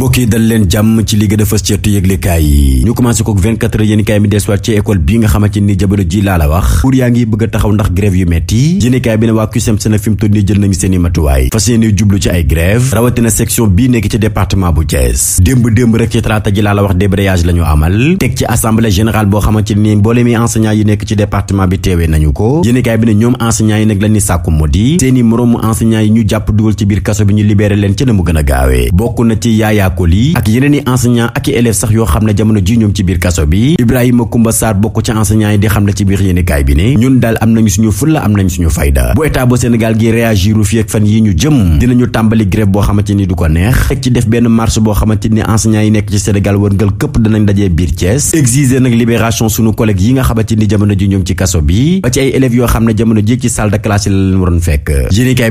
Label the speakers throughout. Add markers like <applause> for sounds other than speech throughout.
Speaker 1: mbokk yi dal leen jàmm ci li gën a fës ci yëglekaay yi ñu commencé ko 24 heures yéenekaay mi ci école bi nga xamante ni jamono laa la wax pour yaa ngi bëgg a taxaw ndax grève yu metti yéenekaay bi ne waa CUSEMS jublu ci ay grève rawatina section bii nekk ci département bu Thiès démb démb rek ci talaata ji laa la wax débrayage la amal teg ci assemblée générale boo xamante ni mboolem yi enseignants yi nekk ci département bi teewee nañu ko yéenekaay école yi ak yeneen i enseignant ak i élèves sax yoo xam ne jamono ji ñoom ci biir kaso bi Ibrahima Kumba Sarr bokk ci enseignant yi di xam ne ci biir yéenekaay bi ne ni du ko neex teg ci def benn marche boo yi nekk xam ne jamono ji ci salle de classe yi la leen waroon fekk yéenekaay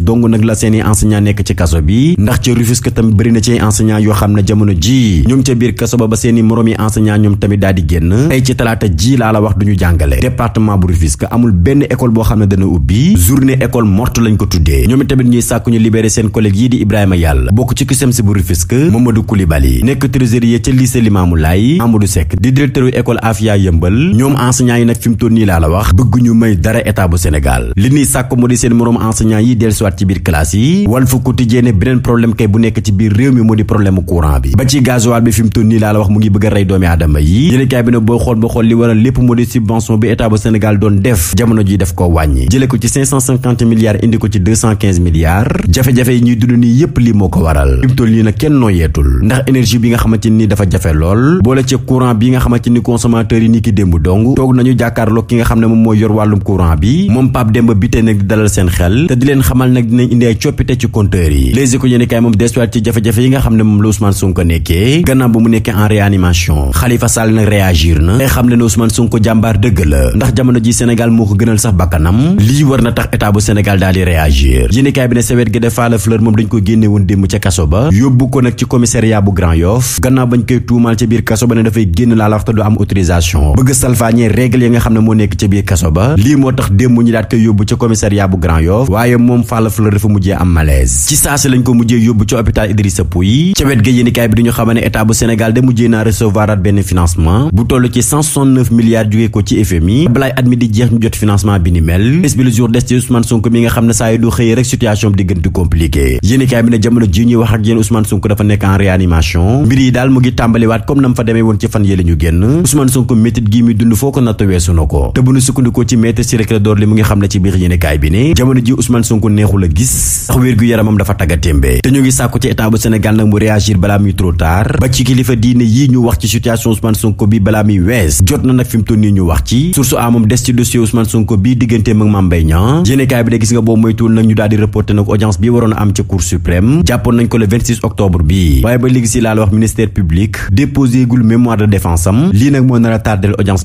Speaker 1: dong nag la seeni enseignant nekk ci kaso bi ndax ci Rufisque tam bëri bëri na ci enseignant yoo xam ne jamono ji ñu ca biir kaso ba ba seeni moroom di génn tey ci Yëmbal ñoom enseignant yi nag fi nii laa la wax bëgg may dara état bu Sénégal li ñuy sàkku di seen moroom enseignant yi dellusiwaat ci biir classe yi Walf Quotidien beneen problème kay bu nekk ci biir réew mi mu di problème courant bi ba ci gasoil bi fi toll nii laa la wax mu ngi bëgg rey doomi aadama yi yéenekaay bi ne booy xool ba xool li waral lépp mu di subvention bi état bu doon def jamono ji def ko wàññi jële ko ci 550 indi ko ci 215 jafe-jafe yi ñuy dund nii yépp lii moo ko waral fi toll nii nag kenn noo ndax énergie bi nga xamante ni dafa jafe lool boole ci courant bi nga xamal ci compteur yi jafe-jafe yi nga xam ne moom la Ousmane Sonko nekkee gannaaw ba mu nekkee en réanimation Khalifa Sall nag réagir na la moo ko gënal sax bakkanam lii war na tax état bu Sénégal daal di réagir yéenekaay bi ne xam ne moo nekk ca biir kaso ba lii moo tax démb ñu daat koy yóbbu ca commissariat bu Grand Yoff waaye moom Falla Fleur dafa mujjee am malaise ci saasi lañ ko mujjee yóbbu ca hôpital Idrissa sëpp yi ca wet ga yéenekaay bi duñu xamal ne état bu Sénégal de mujjee naa recevoir at benn financement bu toll ci 169 milliards ko ci FMI balaay at mi di jeex ñu jot financement bi ni mel bés bi le jour des ci Ousmane Sonko mi nga xam ne saa yu du xëyee rek situation bi di compliqué yéenekaay bi ne jamono ji ñuy wax neexul a gis ndax wér gu yaramam dafa tagga témbee te ñu ngi sàkku ci état bu Sénégal nag mu réagir balaa muy trop tard ba ci kilifa diine yii ñu wax ci situation Ousmane Sonko bi balaa muy wees jot na nag fi mu nii ñu wax ci source a moom des ci dossier Ousmane Sonko bi digganteem ak Mame Mbaye bi de gis nga boobu moytuwul nag ñu daal di nag audience bi waroon a am ca Cour suprême jàppoon nañ ko le octobre bi waaye ba léegi si laa wax ministère public déposé mémoire de défense lii nag moo nar a tardel audience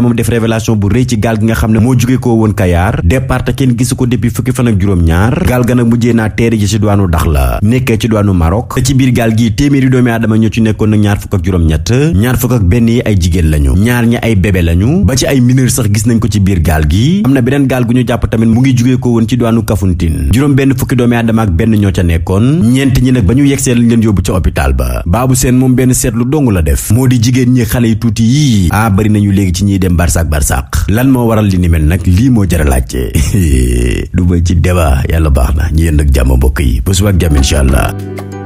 Speaker 1: Ndiaye moom def révélation bu rëy ci gaal gi nga xam ne moo jóge koo woon Kayaar départ te kenn gisu ko depuis fukki fan ak juróom-ñaar gaal ga nag naa teere ji ci duwaanu Dakhla nekkee ci duwaanu Maroc te ci biir gaal gi téeméeri doomi aadama ñoo ci nekkoon nag ñi na beneen gaal gu ñu jàpp tamit mu ngi jóge ko woon ci duwaanu Kafountine juróom benn fukki doomi aadama ak benn ñoo ca nekkoon ñeent ñi nag ba ñu yegsee leen yóbbu ca hôpital ba baabu seen moom benn seetlu dong la def moo di jigéen ñi xale yi tuuti yii ah bari nañu léegi ci ñiy dem dem barsaak barsaak lan moo waral li ni mel nag lii moo jar a laajte <laughs> du ma ci débat yàlla baax na ñu yéen ak jàmm mbokk yi ba suba ak jàmm incha allah